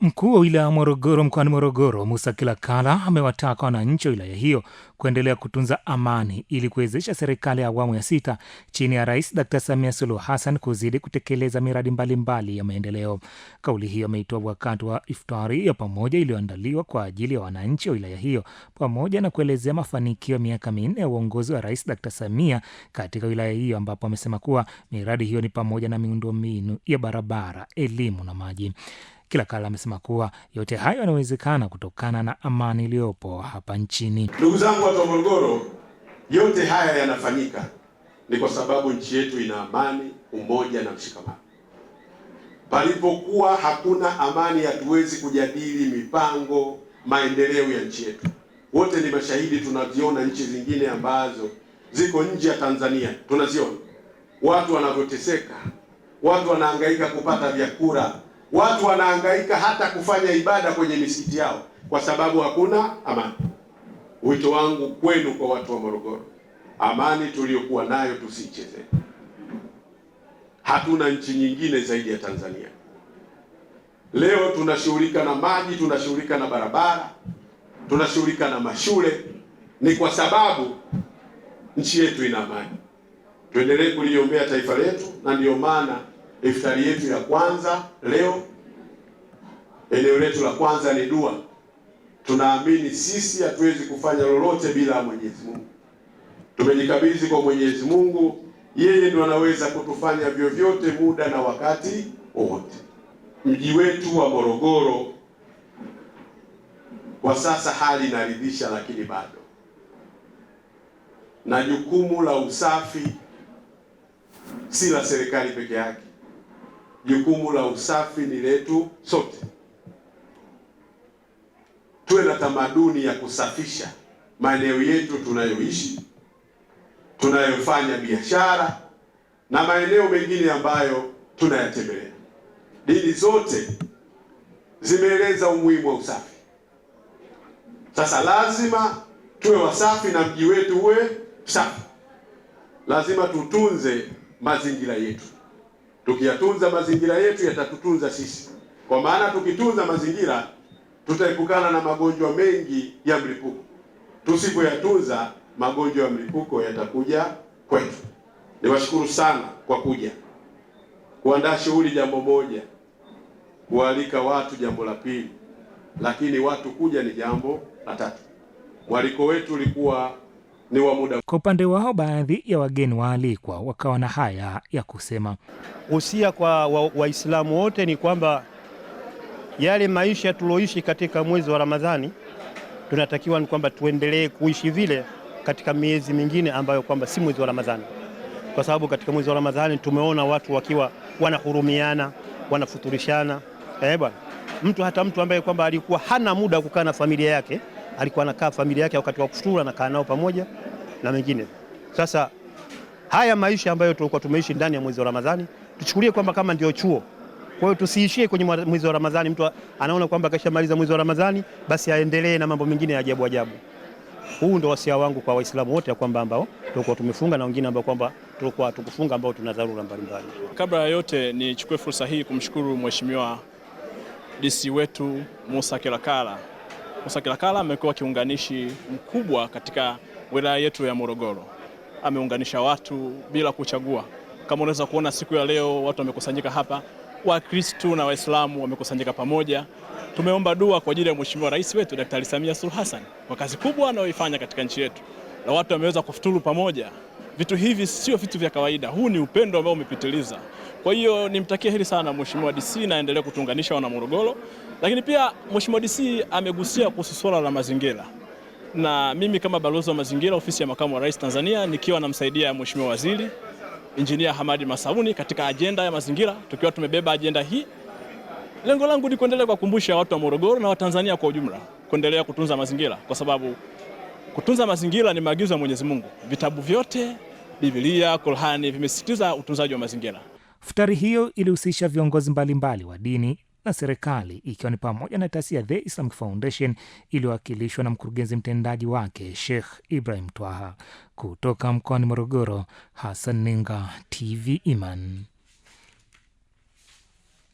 Mkuu wa wilaya ya Morogoro mkoani Morogoro, Musa Kilakala, amewataka wananchi wa wilaya hiyo kuendelea kutunza amani ili kuwezesha serikali ya awamu ya sita chini ya Rais Dkt Samia Suluhu Hassan kuzidi kutekeleza miradi mbalimbali mbali ya maendeleo. Kauli hiyo ameitoa wakati wa iftari ya pamoja iliyoandaliwa kwa ajili ya wananchi wa wilaya hiyo, pamoja na kuelezea mafanikio ya miaka minne ya uongozi wa Rais Dkt Samia katika wilaya hiyo, ambapo amesema kuwa miradi hiyo ni pamoja na miundombinu ya barabara, elimu na maji kila kala amesema kuwa yote hayo yanawezekana kutokana na amani iliyopo hapa nchini. Ndugu zangu wa Morogoro, yote haya yanafanyika ni kwa sababu nchi yetu ina amani, umoja na mshikamano. Palipokuwa hakuna amani, hatuwezi kujadili mipango, maendeleo ya nchi yetu. Wote ni mashahidi, tunaziona nchi zingine ambazo ziko nje ya Tanzania, tunaziona watu wanavyoteseka, watu wanahangaika kupata vyakula watu wanaangaika hata kufanya ibada kwenye misikiti yao kwa sababu hakuna amani. Wito wangu kwenu kwa watu wa Morogoro, amani tuliyokuwa nayo tusicheze. Hatuna nchi nyingine zaidi ya Tanzania. Leo tunashughulika na maji, tunashughulika na barabara, tunashughulika na mashule, ni kwa sababu nchi yetu ina amani. Tuendelee kuliombea taifa letu, na ndiyo maana iftari yetu ya kwanza leo, eneo letu la kwanza ni dua. Tunaamini sisi hatuwezi kufanya lolote bila Mwenyezi Mungu. Tumejikabidhi kwa Mwenyezi Mungu, yeye ndiye anaweza kutufanya vyovyote, muda na wakati wowote. Mji wetu wa Morogoro kwa sasa hali inaridhisha, lakini bado na jukumu la usafi si la serikali peke yake jukumu la usafi ni letu sote. Tuwe na tamaduni ya kusafisha maeneo yetu tunayoishi, tunayofanya biashara na maeneo mengine ambayo tunayatembelea. Dini zote zimeeleza umuhimu wa usafi. Sasa lazima tuwe wasafi na mji wetu uwe safi. Lazima tutunze mazingira yetu. Tukiyatunza mazingira yetu, yatatutunza sisi, kwa maana tukitunza mazingira tutaepukana na magonjwa mengi ya mlipuko. Tusipoyatunza, magonjwa ya mlipuko yatakuja kwetu. Niwashukuru sana kwa kuja kuandaa shughuli, jambo moja, kualika watu jambo la pili, lakini watu kuja ni jambo la tatu. Mwaliko wetu ulikuwa ni wa muda. Kwa upande wao, baadhi ya wageni waalikwa wakawa na haya ya kusema. Usia kwa Waislamu wote ni kwamba yale maisha tulioishi katika mwezi wa Ramadhani tunatakiwa ni kwamba tuendelee kuishi vile katika miezi mingine ambayo kwamba si mwezi wa Ramadhani, kwa sababu katika mwezi wa Ramadhani tumeona watu wakiwa wanahurumiana, wanafuturishana. Eh bwana, mtu hata mtu ambaye kwamba alikuwa hana muda wa kukaa na familia yake alikuwa anakaa familia yake wakati wa kufutura anakaa nao pamoja na mengine. Sasa haya maisha ambayo tulikuwa tumeishi ndani ya mwezi wa Ramadhani tuchukulie kwamba kama ndio chuo. Kwa hiyo tusiishie kwenye mwezi wa Ramadhani, mtu anaona kwamba kashamaliza mwezi wa Ramadhani basi aendelee na mambo mengine ya ajabu ajabu. Huu ndio wasia wangu kwa Waislamu wote, ya kwamba ambao tulikuwa tumefunga na wengine ambao kwamba tulikuwa tukufunga ambao tuna dharura mbalimbali. Kabla ya yote, nichukue fursa hii kumshukuru Mheshimiwa DC wetu Musa Kilakala Musa Kilakala amekuwa kiunganishi mkubwa katika wilaya yetu ya Morogoro. Ameunganisha watu bila kuchagua. Kama unaweza kuona siku ya leo watu wamekusanyika hapa, Wakristu na Waislamu wamekusanyika pamoja. Tumeomba dua kwa ajili ya Mheshimiwa Rais wetu Daktari Samia Suluhu Hassan kwa kazi kubwa anayoifanya katika nchi yetu na watu wameweza kufuturu pamoja. Vitu hivi sio vitu vya kawaida, huu ni upendo ambao umepitiliza. Kwa hiyo nimtakie heri sana Mheshimiwa DC na endelee kutuunganisha wana Morogoro, lakini pia Mheshimiwa DC amegusia kuhusu swala la mazingira na mimi kama balozi wa mazingira ofisi ya makamu wa rais Tanzania, nikiwa namsaidia Mheshimiwa Waziri Injinia Hamadi Masauni katika ajenda ya mazingira, tukiwa tumebeba ajenda hii, lengo langu ni kuendelea kuwakumbusha watu wa Morogoro na Watanzania kwa ujumla kuendelea kutunza mazingira kwa sababu Kutunza mazingira ni maagizo ya Mwenyezi Mungu. Vitabu vyote, Biblia, Qur'ani vimesisitiza utunzaji wa mazingira. Futari hiyo ilihusisha viongozi mbalimbali wa dini na serikali ikiwa ni pamoja na taasisi ya The Islamic Foundation iliyowakilishwa na mkurugenzi mtendaji wake Sheikh Ibrahim Twaha. Kutoka mkoani Morogoro, Hassan Ninga, TV Iman.